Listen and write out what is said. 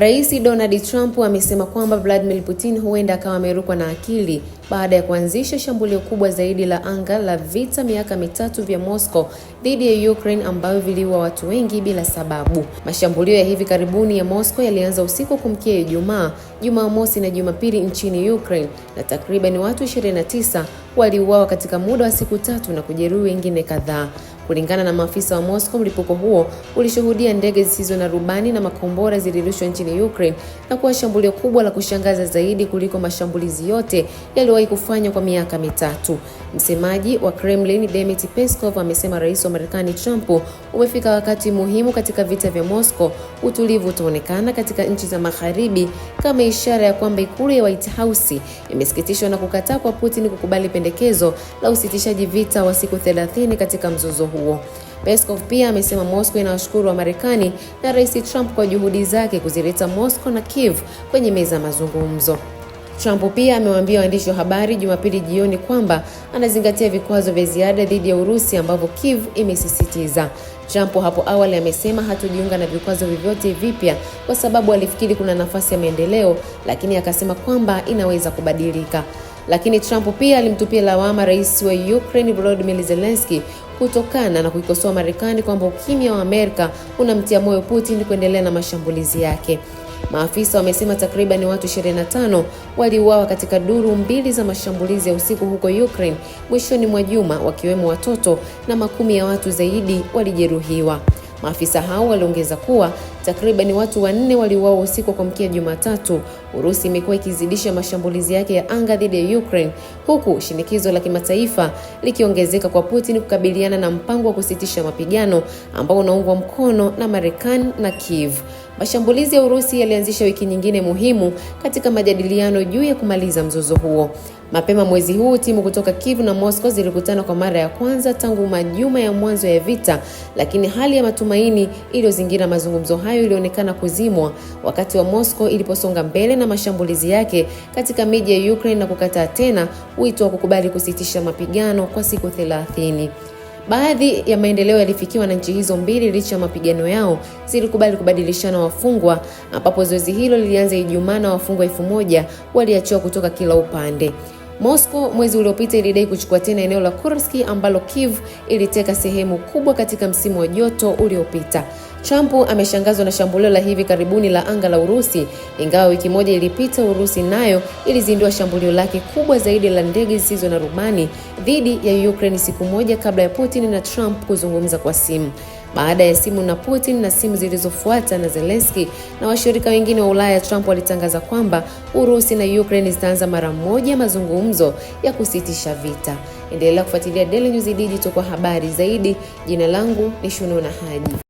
Rais Donald Trump amesema kwamba Vladimir Putin huenda akawa amerukwa na akili baada ya kuanzisha shambulio kubwa zaidi la anga la vita miaka mitatu vya Moscow dhidi ya Ukraine ambayo viliua watu wengi bila sababu. Mashambulio ya hivi karibuni ya Moscow yalianza usiku kumkia Ijumaa, Jumamosi na Jumapili nchini Ukraine na takriban watu 29 waliuawa katika muda wa siku tatu na kujeruhi wengine kadhaa. Kulingana na maafisa wa Moscow, mlipuko huo ulishuhudia ndege zisizo na rubani na makombora zilirushwa nchini Ukraine na kuwa shambulio kubwa la kushangaza zaidi kuliko mashambulizi yote yaliyowahi kufanywa kwa miaka mitatu. Msemaji wa Kremlin, Dmitry Peskov, amesema rais wa Marekani Trump, umefika wakati muhimu katika vita vya Moscow, utulivu utaonekana katika nchi za magharibi kama ishara ya kwamba ikulu ya White House imesikitishwa na kukataa kwa Putin kukubali pendekezo la usitishaji vita wa siku 30 katika mzozo huu huo. Peskov pia amesema Moscow inawashukuru wa Marekani na Rais Trump kwa juhudi zake kuzileta Moscow na Kiev kwenye meza ya mazungumzo. Trump pia amewaambia waandishi wa habari Jumapili jioni kwamba anazingatia vikwazo vya ziada dhidi ya Urusi ambavyo Kiev imesisitiza. Trump hapo awali amesema hatojiunga na vikwazo vyovyote vipya kwa sababu alifikiri kuna nafasi ya maendeleo, lakini akasema kwamba inaweza kubadilika. Lakini Trump pia alimtupia lawama rais wa Ukraine Volodymyr Zelensky kutokana na kuikosoa Marekani kwamba ukimya wa Amerika unamtia moyo Putin kuendelea na mashambulizi yake. Maafisa wamesema takriban watu 25 waliuawa katika duru mbili za mashambulizi ya usiku huko Ukraine mwishoni mwa juma, wakiwemo watoto na makumi ya watu zaidi walijeruhiwa. Maafisa hao waliongeza kuwa takriban watu wanne waliuawa usiku kwa mkia Jumatatu. Urusi imekuwa ikizidisha mashambulizi yake ya anga dhidi ya Ukraine huku shinikizo la kimataifa likiongezeka kwa Putin kukabiliana na mpango wa kusitisha mapigano ambao unaungwa mkono na Marekani na Kiev. Mashambulizi ya Urusi yalianzisha wiki nyingine muhimu katika majadiliano juu ya kumaliza mzozo huo. Mapema mwezi huu timu kutoka Kiev na Moscow zilikutana kwa mara ya kwanza tangu majuma ya mwanzo ya vita, lakini hali ya matumaini iliyozingira mazungumzo hayo ilionekana kuzimwa wakati wa Moscow iliposonga mbele na mashambulizi yake katika miji ya Ukraine na kukataa tena wito wa kukubali kusitisha mapigano kwa siku 30. Baadhi ya maendeleo yalifikiwa na nchi hizo mbili licha ya mapigano yao zilikubali kubadilishana wafungwa, ambapo zoezi hilo lilianza Ijumaa na wafungwa elfu moja waliachiwa kutoka kila upande. Moscow mwezi uliopita ilidai kuchukua tena eneo la Kursk ambalo Kiev iliteka sehemu kubwa katika msimu wa joto uliopita. Trump ameshangazwa na shambulio la hivi karibuni la anga la Urusi, ingawa wiki moja ilipita Urusi nayo ilizindua shambulio lake kubwa zaidi la ndege zisizo na rubani dhidi ya Ukraine siku moja kabla ya Putin na Trump kuzungumza kwa simu. Baada ya simu na Putin na simu zilizofuata na Zelensky na washirika wengine wa Ulaya, Trump alitangaza kwamba Urusi na Ukraine zitaanza mara moja mazungumzo ya kusitisha vita. Endelea kufuatilia Daily News Digital kwa habari zaidi. Jina langu ni Shunona Haji.